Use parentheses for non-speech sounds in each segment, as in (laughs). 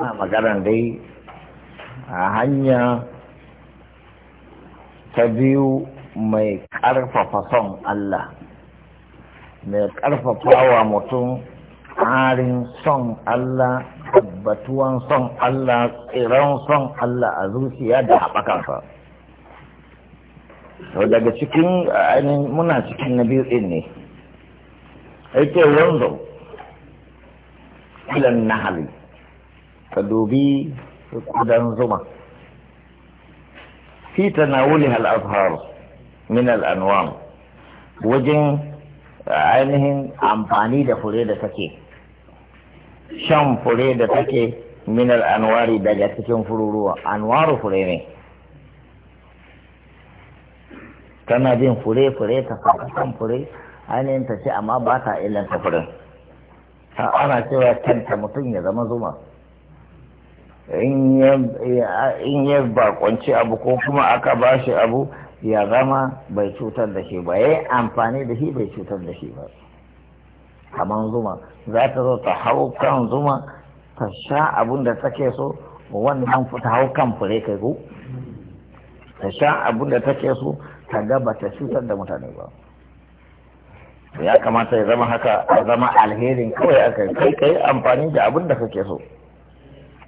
ana magana dai a hanya ta biyu mai ƙarfafa son Allah mai ƙarfafa wa mutum ƙarin son Allah batuwan son Allah tsiran son Allah a zuciya da haɓakansa sau daga cikin muna cikin na biyu ɗin ne ake wanzo ilan nahali ka dubi kudan zuma fi tanawuli hal azhar min al anwam wajen eh, ainihin amfani da fure da take shan fure da take min al anwari daga cikin fururuwa anwaru fure ne tana jin fure fure ta san fure ainihin ta ce amma ba ta illanta furen ana cewa kanta mutum ya zama zuma in ya bakonci abu ko kuma aka ba shi abu ya zama bai cutar da shi ba ya yi amfani da shi bai cutar da shi ba kamar zuma za ta zo ta hau kan zuma ta sha abun da take so wannan ta hau kan fure kai ko ta sha abun da take so ta ga ba ta cutar da mutane ba ya kamata ya zama haka a zama alherin kawai aka kai kai amfani da abun da kake so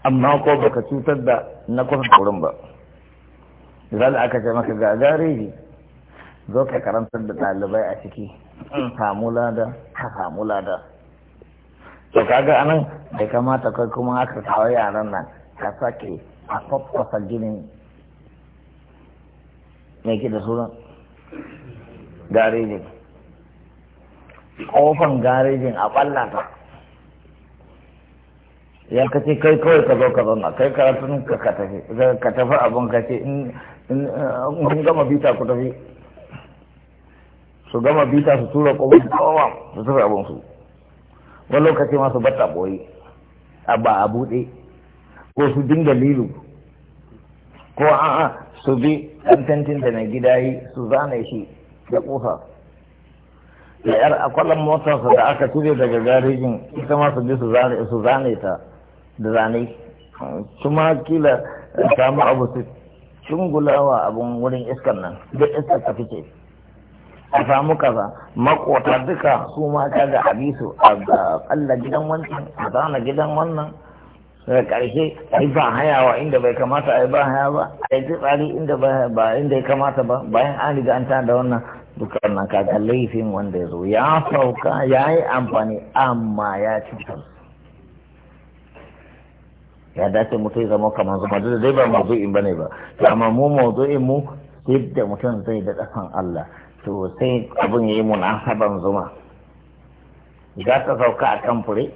amma ko baka cutar da na kusa wurin ba misali aka ce maka ga gareji zo ka karantar da ɗalibai a ciki mm. samu lada ka samu lada to kaga anan bai kamata kai kuma aka kawo yaran nan ka sake a faffasa ginin mai ke da sunan garejin ƙofan garejin a ɓallata ya ka ce kai kawai ka zo ka zauna kai karatun ka ka tafi abin ka ce in gama bita ku tafi su gama bita su tura kobin kowa su tura abin su wani lokaci ma su bata boye a ba a buɗe ko su dinga lilu ko a'a su bi ɗan tantin da na gida yi su zane shi da ƙofa da yar akwalan motarsa da aka cire daga garejin ita ma su bi su zane ta da zane kuma kila samu abu su abun wurin iskar nan da iskar ta fice a samu kaza makota duka su ma kaga a bisu a kalla gidan wancan a zana gidan wannan daga ƙarshe ai ba hayawa inda bai kamata ai ba haya ba ai tsari inda ba inda ya kamata ba bayan an riga an da wannan dukkan nan kaga laifin wanda ya zo ya sauka ya yi amfani amma ya cutar ya dace mutum zama kamar zuma duk dai ba mawdu'in bane ba to amma mu mawdu'in mu yadda mutum zai da san Allah to sai abun yayi haban zuma Zata ta sauka a kan fure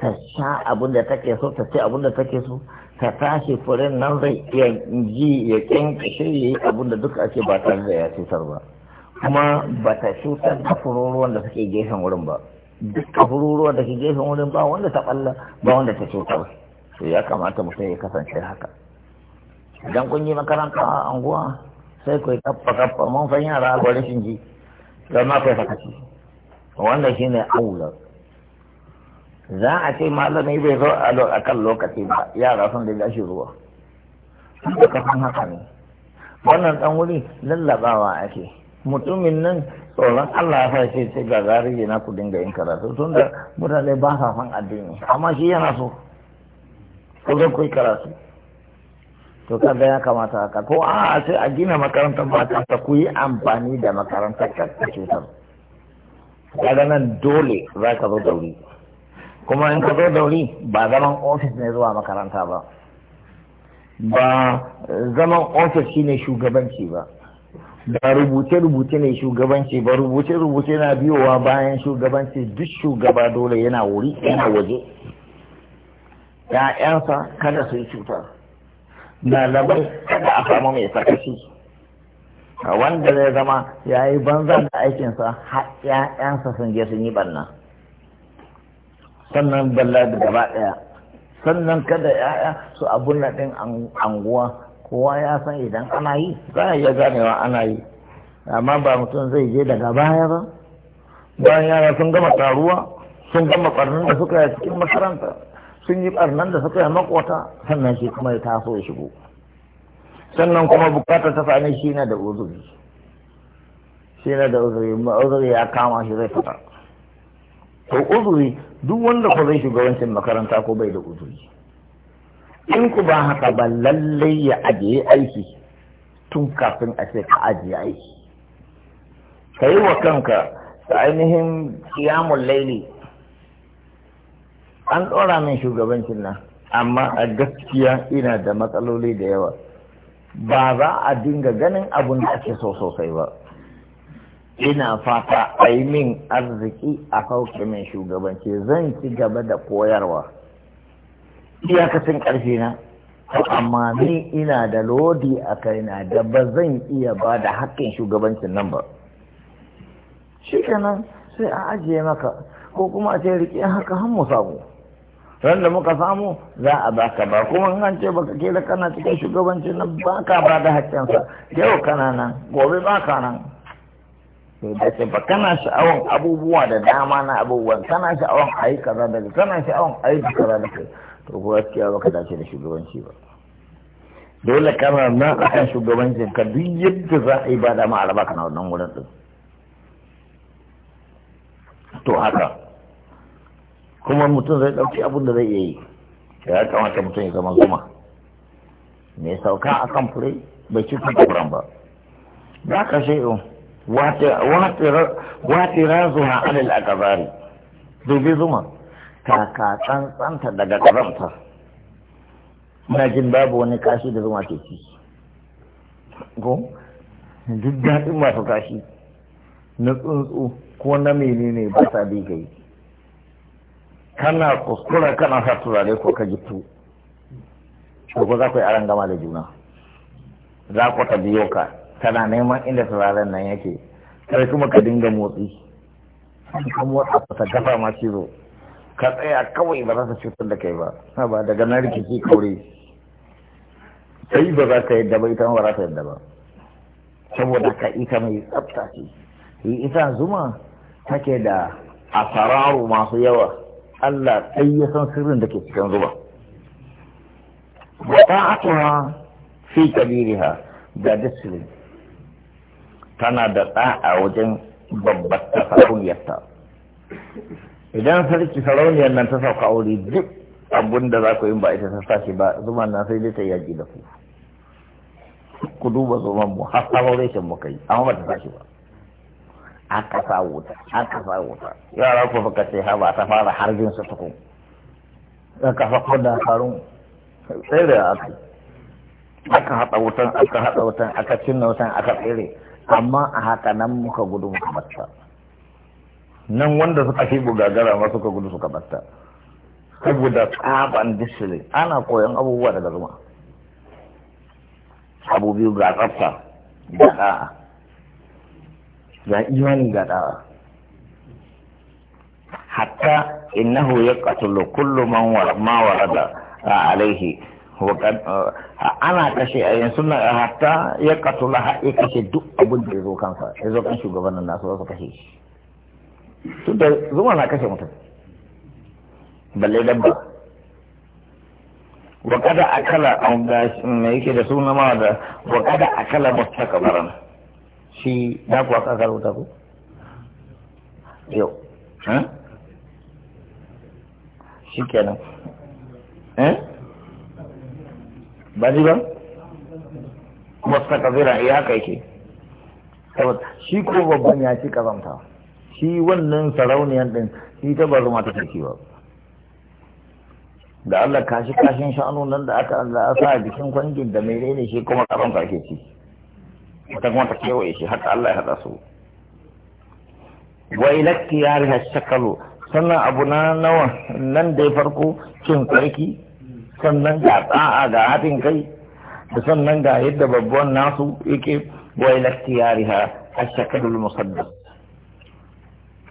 ta sha abun da take so ta ce abun da take so ta tashi furen nan zai iya ji ya kyankashe ya yi abun da duka ake ba tare da ya cutar ba kuma ba ta cutar da fururuwan da suke gefen wurin ba duk ruruwa da ke gefen wurin ba wanda ta balla ba wanda ta cutar to ya kamata mutum ya kasance haka idan kun yi makaranta a anguwa sai ku kappa kappa mun san yara a gwada ji. da ma kai sakaci wanda shi ne aula za a ce malami bai zo a kan lokaci ba yara sun da gashi ruwa sun da haka ne wannan dan wuri lallabawa ake mutumin nan tsoron Allah ya fashe ce ga zarige na ku dinga yin karatu tun da mutane ba sa son addini amma shi yana so ko zan kuyi karatu to ka ya kamata haka ko a sai a gina makarantar ba ta ku yi amfani da makarantar ka cutar kaga nan dole za ka zo da wuri kuma in ka zo da wuri ba zaman ofis ne zuwa makaranta ba ba eh, zaman ofis shine shugabanci ba da rubuce-rubuce ne shugabanci ba rubuce-rubuce na biyowa bayan shugabanci duk shugaba dole yana wuri yana waje ‘ya'yansa kada su yi cuta ɗalibai kada a samu mai sakashi wanda zai zama ya yi banza da aikinsa har ‘ya'yansa sun je sun yi barna sannan balla da gaba ɗaya sannan kada ‘ya'ya su abun ɗin anguwa kowa ya san idan ana yi za a iya ganewa ana yi amma ba mutum zai je daga baya ba bayan yara sun gama taruwa sun gama ɓarnan da suka yi cikin makaranta sun yi ɓarnan da suka yi makwata sannan shi kuma ya taso ya shigo sannan kuma bukatar ta sami shi na da uzuri shi na da uzuri uzuri ya kama shi zai fita to uzuri duk wanda ko zai shiga wancan makaranta ko bai da uzuri in ku ba haka ba lallai ya ajiye aiki tun kafin a ce ka ajiye aiki ka yi wa kanka da ainihin kiyamun laili an ɗora min shugabancin nan amma a gaskiya ina da matsaloli da yawa ba za a dinga ganin abin da ake so sosai ba ina fata a yi min arziki a sauke min shugabanci zan ci gaba da koyarwa iyakacin ƙarfi na amma ni ina da lodi a kaina da ba zan iya ba da haƙƙin shugabancin nan ba shi kenan sai a ajiye maka ko kuma a ce riƙe haka har mu samu ran da muka samu za a baka ba kuma an ce baka ke da kana cikin shugabancin nan baka ba da haƙƙinsa yau kana nan gobe baka nan sai da ce ba kana sha'awan abubuwa da dama na abubuwan kana sha'awan a yi kaza kana sha'awan a yi kaza kai? to gaskiya baka dace da shugabanci ba dole kana nan akan shugabancin ka duk yadda za a yi ba dama alaba kana wannan wurin din to haka kuma mutum zai ɗauki abin da zai iya yi ya kamata mutum ya zama zuma mai sauka a kan fure bai ci kan kuran ba ba ka shi in watira zuwa alal akabari zai zuma kaka tsantsanta daga karanta ina jin babu wani kashi da zuma ke ci ko duk daɗin masu kashi na tsuntsu ko na menene ba sa bi kai kana kuskura kana sa turare ko ka jitu ko za ku yi aran gama da juna za ku ta biyo ka tana neman inda turaren nan yake kai kuma ka dinga motsi ka motsa ka gafa ma cizo ka tsaya kawai ba za ta cutar da kai ba ba daga na rikici kaure sai ba za ta yadda ba ita ma ba za ta yadda ba saboda ka ita mai tsafta ce yi ita zuma take da asararu masu yawa Allah sai ya san sirrin da ke cikin zuba wa ta'atuha fi kabiriha da disiplin tana da ɗa a wajen babbar yatta idan sarki sarauniyar nan ta sauka aure duk abun da za ku yi ba ita ta sashi ba zuma na sai dai ta yaƙi da ku ku duba zuman mu har sabon reshen muka yi amma ba ta sashi ba aka sa wuta aka sa wuta yara ku fuka ce ha ba ta fara harbin su tukun da fa fako da sai da aka aka hada wutan aka hada wutan aka cinna wutan aka tsere amma a haka nan muka gudu muka bata nan wanda suka fi bugagara ma suka gudu suka batta saboda tsaban disili ana koyon abubuwa daga zuma abu biyu ga tsafta ga da'a ga imani ga da'a hatta innahu katulu kullu man ma warada alaihi uh, ana kashe a yanzu na hatta ya katula ha'i ya kashe duk abin da ya zo kansa ya zo kan shugabannin nasu nasu wasu kashe shi da zuma na kashe mutum balle dabba wa kada akala an gashi me yake da suna ma da wa kada akala mustaqbaran shi da ku aka ta ku yau ha shi kenan eh ba ji ba mustaqbira ya kai ke saboda shi ko babban ya ci kazantawa shi wannan sarauniyan din shi ta ba zama ta sarki ba da Allah kashi kashin shanu nan da aka Allah sa jikin kwangin da ne shi kuma karon ka ke ci ta kuma ta kewaye shi haka Allah ya hada su wa ilakki ya riha shakalu sannan abu na nawa nan dai farko cin sarki sannan ga tsa'a ga haɗin kai da sannan ga yadda babban nasu yake wa ilakki ya riha shakalu musaddas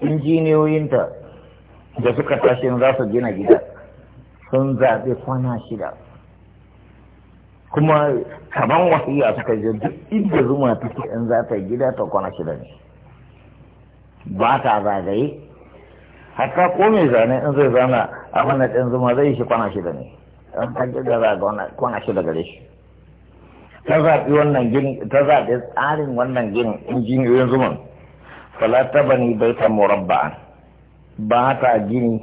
injiniyoyinta da suka tashi za su gina gida sun zaɓe kwana shida kuma kaman wasiya suka je duk inda zuma take in za ta gida ta kwana shida ne ba ta zagaye hatta ko mai zane in zai zana a wannan ɗin zuma zai shi kwana shida ne in ta gida za ga kwana shida gare shi ta zaɓi wannan gini ta zaɓi tsarin wannan gini injiniyoyin zuman fala ta bani baita murabba'an ba ta gini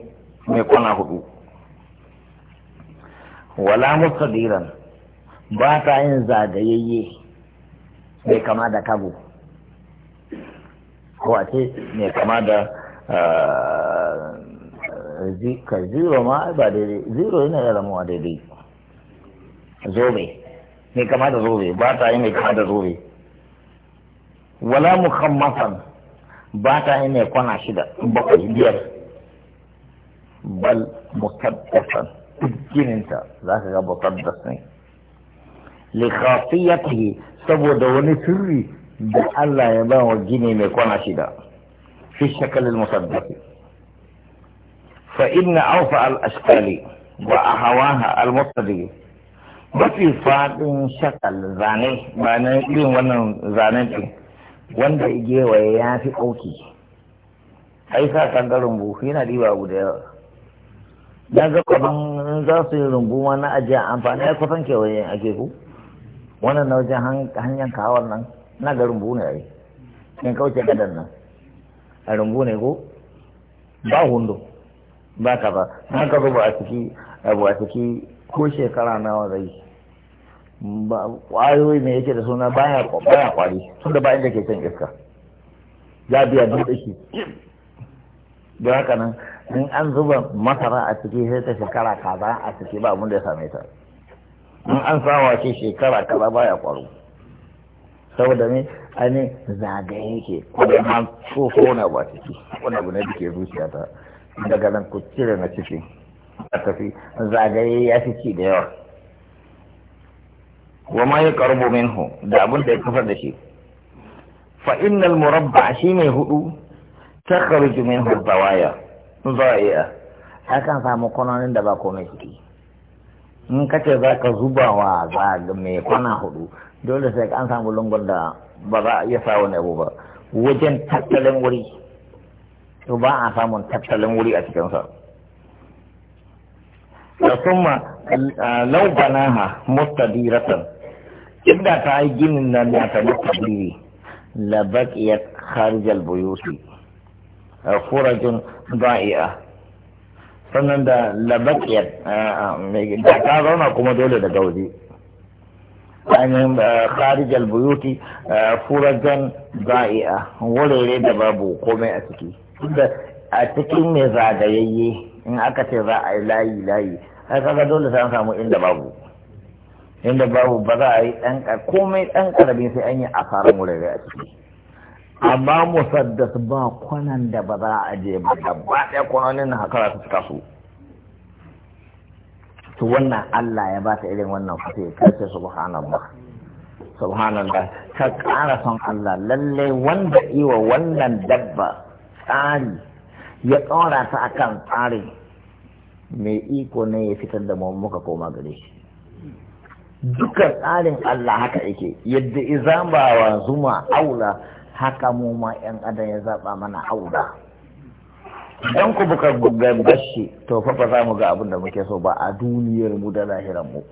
mai kwana hudu wala mustadiran ba ta yin zagayayye mai kama da kago. wace mai kama da ah, ka zero ma ba daidai zero yana da ramuwa daidai zobe mai kama da zobe ba ta yi mai kama da zobe wala muhammasan ba ta yi mai kwana shida bakwai biyar bal mutaddasan jininta za ka ga mutaddas ne likhafiyatihi saboda wani sirri da Allah ya ba wa gini mai kwana shida fi shakalin mutaddas fa inna awfa al ashkali wa ahawaha al Ba mafi faɗin shakal zane ba na irin wannan zanen ɗin wanda ya gewaye ya fi ɗauki ai sa kan ga rumbu yana riba guda yawa dan ga kaman za su yi rumbu ma na ajiya amfani ya kusan kewaye ake ku wannan na wajen hanyar kawar nan na ga rumbu ne ai in kauce gadan nan a rumbu ne ko ba hundu. ba ka ba na ka zuba a ciki abu a ciki ko shekara nawa zai kwayoyi ne yake da suna baya baya kwari tunda bayan da ke can iska ya biya duk da shi don haka nan in an zuba masara a ciki sai ta shekara kaza a ciki ba mun da ya same ta in an sawa shi shekara kaza baya kwaro saboda ne ani zagaye yake ko ma tsofo na ba ciki wani abu ne da zuciya ta daga nan ku cire na ciki a tafi zagaye ya fi ci da yawa wa ma yaqrabu minhu da abin da ya kafar da shi fa innal murabba shi mai hudu takhruju minhu dawaya dawaya Hakan samu kononin da ba komai ciki in kace za ka zuba wa za mai kwana hudu dole sai an samu lungun da ba za a iya sa wani abu ba wajen tattalin wuri to ba a samun tattalin wuri a cikinsa da kuma laubanaha mustadiratan inda ta yi ginin nan na ta na biyu. labak ya kharjal buyuti khurajun da'i'a sannan da labak ya da ta zauna kuma dole da gaudi ainihin kharijal buyuti furajan da'i'a wurare da babu komai a ciki a cikin mai zagayayye in aka ce za a yi layi layi ai kaga dole sai an samu inda babu inda babu ba za a yi ɗan komai ɗan ƙarami sai an yi asarar wurare a ciki amma musaddas ba kwanan da ba za a je ba gaba ɗaya kwanonin na hakara su fita su to wannan Allah ya ba ta irin wannan fate kace subhanallah subhanallah ka ƙara son Allah lalle wanda iwa wannan dabba tsari ya tsora ta akan tsari mai iko ne ya fitar da mu muka koma gare shi duka tsarin Allah haka yake yadda izabawa zuma aula haka mu ma yan adam ya zaba mana aula dan ku buka bashi to fa ba za mu ga abin da muke so ba a duniyar mu da lahiran mu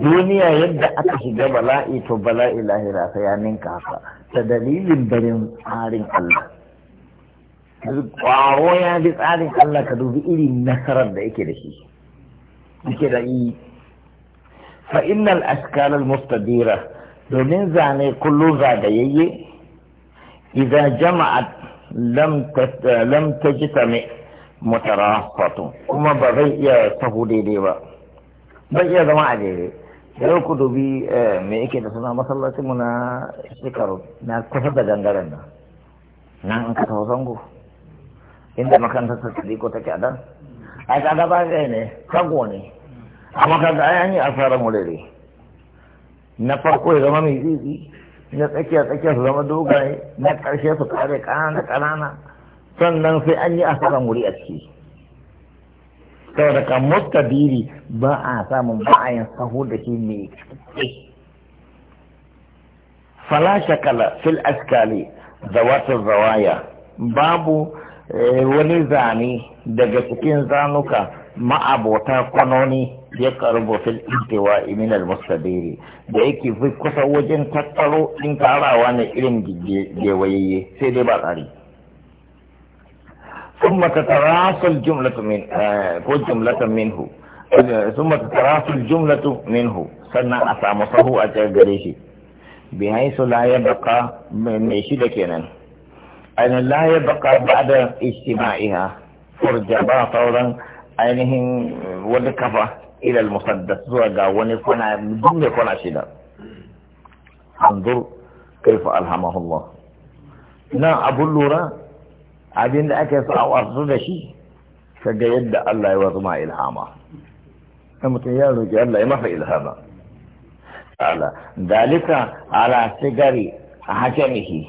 duniya yadda aka shiga bala'i to bala'i lahira sai ya ninka haka ta dalilin barin tsarin Allah kwaro ya bi tsarin Allah ka dubi irin nasarar da yake da shi yake da yi fa innal ashkal mustadira domin zane kullu zagayayye idza jama'a lam lam tajtami mutarafatu kuma ba zai iya sahu daidai ba ba iya zama a daidai yau ku dubi eh, me yake da suna masallacin mu na shekaru na kusa da gangaren nan nan in ka taho zango inda makarantar ta ko take a dan A kaga ba ne sago ne amma kaga ai an yi asarar wurare na farko ya zama mai zizi na tsakiya tsakiya su zama dogaye na ƙarshe su kare ƙanana ƙanana sannan sai an yi asarar wuri a ciki saboda kan mustadiri ba a samun ba'ayin sahu da shi mai tsaye fala shakala fil askali wata zawaya babu eh, wani zane daga cikin zanuka ma'abota kwanoni ya karubo fil intiwa min al mustadiri da yake fi kusa wajen tattaro din tarawa na irin gewayeye sai dai ba tsari ثم تتراصل جملة من آه جملة منه ثم تتراصل جملة منه سنة أسامصه أجاقريه بحيث لا يبقى من شدكنا أن لا يبقى بعد اجتماعها فرجبا فورا ainihin wani kafa ilal musaddas zuwa ga wani kwana dunne kwana shida anzur kaifa alhamahullah nan abun lura abin da ake sa a wasu da shi kaga yadda Allah ya wasu ma ilhama sai mutum ya roƙi Allah ya masa ilhama ta'ala dalika ala sigari hakamihi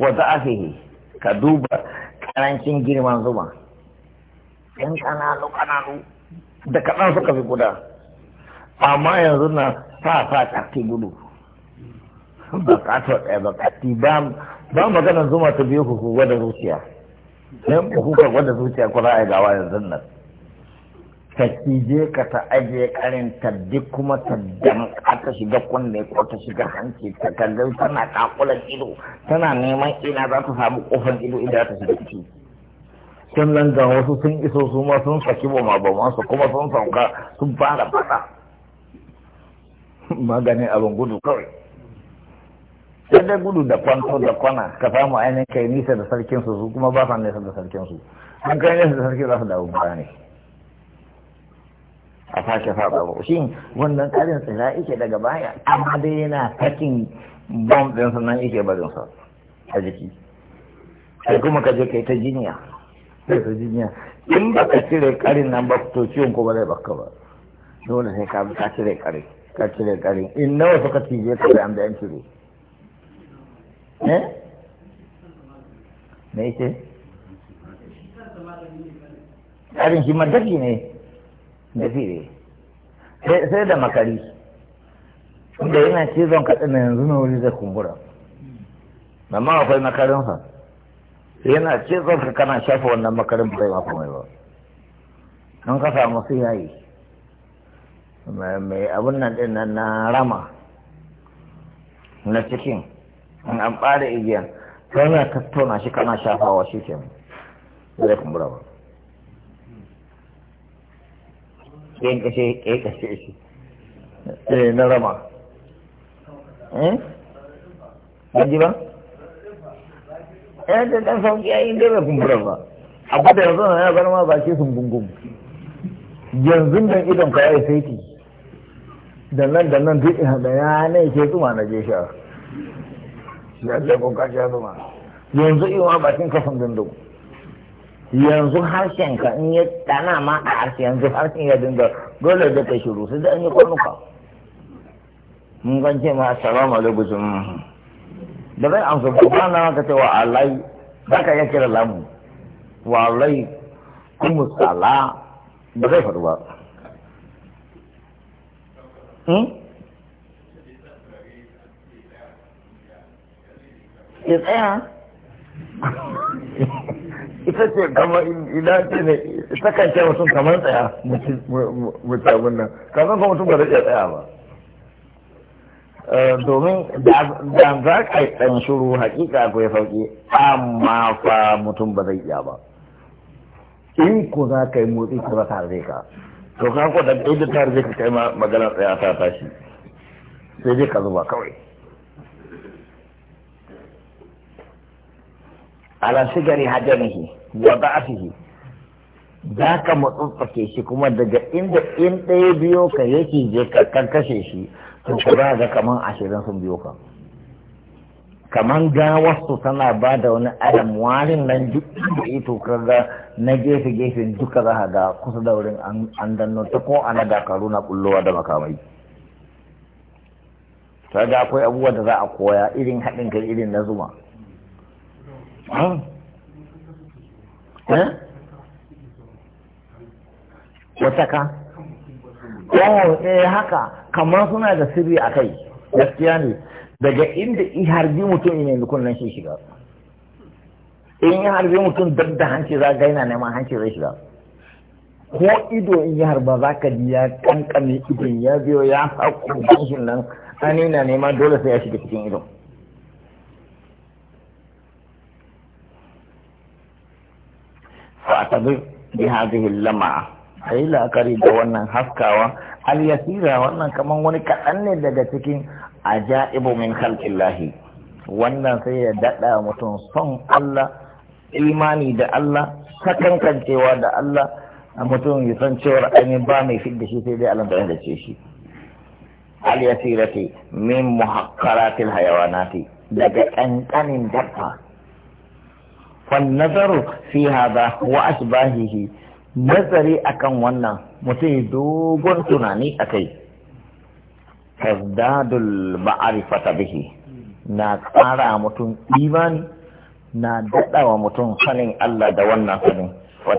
wa da'afihi ka duba karancin girman zuma yan kananu kananu da kaɗan suka fi guda amma yanzu na sa sa ƙarfi gudu bukatar ɗaya bukati ba magana zuma ta biyu ku gwada zuciya don ku ka gwada zuciya kuna a yi gawa yanzu nan ta kije ka ta ajiye karin taddi kuma ta damƙa ta shiga kunne ko ta shiga hanci ta kalli tana kakulan ido tana neman ina za ta samu kofan ido idan ta shiga ciki can nan ga wasu sun iso su ma sun saki ba ma su kuma sun sauka sun fara fada (laughs) maganin abin gudu kawai sai dai gudu da kwanto da kwana ka samu ainihin kai nisa da sarkin su su kuma ba sa nisa da sarkin su an kai nisa da sarkin za su dawo baya ne a sake sa ba shi wannan karin tsira yake daga baya amma dai yana sakin bom ɗin sannan yake barinsa a jiki sai kuma ka je kai ta jiniya sai ta jinya in ba ka cire karin nan ba to ciwon ko ba zai baka ba dole sai ka ka cire karin ka cire karin in nawa suka tije ka da an da an cire eh me yake karin shi madaki ne da fire sai da makari inda yana cizon kaɗin yanzu na wuri zai kumbura amma akwai makarinsa yana ce ka kana shafa wannan makarin bai ba kuma ba an ka samu su yayi mai abin nan din nan na rama na cikin an an bare igiyan kana tattauna shi kana wa shi ke zai kumbura ba yin kashe ƙin kashe shi eh na rama eh ba Yan da ɗan sauƙi a inda bai kumbura ba abu da yanzu na ya bar ma baki sun gungun yanzu dan idan ka yi saiti da nan da nan duk da ya ne ke zuma na je sha ya da ko ka sha zuma yanzu iwa bakin ka sun gungun yanzu harshen ka in ya tsana ma a harshen yanzu harshen ya dinga dole da ka shiru sai da an yi kwanuka mun gance ma assalamu alaikum da zai amsa ba na maka cewa alai za ka iya kira lamu wa alai kuma sala ba zai faru ba ya tsaya ita ce kamar ina ce ne ita kan ce mutum kamar tsaya mutum nan kasan kuma mutum ba zai iya tsaya ba domin da za ka yi ɗan shuru hakika ko ya sauƙi amma fa mutum ba zai iya ba in ko za ka yi motsi za ka zai ka to ka ko da idan ta zai ka kai magana tsaya ta tashi sai dai ka zuba kawai ala sigari hajjamihi wa ba'afihi za ka matsatsake shi kuma daga inda in ɗaya biyo ka yake je ka kashe shi to ku ga kaman ashirin sun biyo ka kaman wasu tana ba da wani adam warin nan duk da ito kaga na gefe gefen duka za ga kusa da wurin an danno ta ko ana dakaru na kullowa da makamai Ta ga akwai abubuwa da za a koya irin haɗin kai irin na zuma eh? wata ka oh eh haka kamar suna da sirri a kai gaskiya ne daga inda in harbi mutum ne nukun nan shi shiga in ya harbi mutum duk da hanci za ga yana neman hanci zai shiga ko ido in yi harba za ka ji ya kankame idon ya biyo ya haƙo hanshin nan an yana neman dole sai ya shiga cikin idon fa'atabi bi hadhihi lama'a a yi la'akari da wannan haskawa al-yasira wannan kaman wani kaɗan ne daga cikin ajaibu min khalqillahi wannan sai ya daɗa mutum son Allah imani da Allah sakankancewa da Allah a mutum ya san cewar ainihin ba mai fit da shi sai dai Allah da ce shi al-yasirati min muhaqqaratil hayawanati daga ƙanƙanin dabba fa nazaru fi hadha wa asbahihi nazari akan wannan mutum dogon tunani a kai tazdadul ma'arifata bihi na ƙara mutum imani na daɗa wa mutum sanin Allah da wannan sanin wa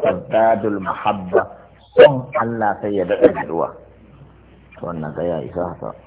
mahabba son Allah sai ya daɗa ruwa wannan ga ya isa haka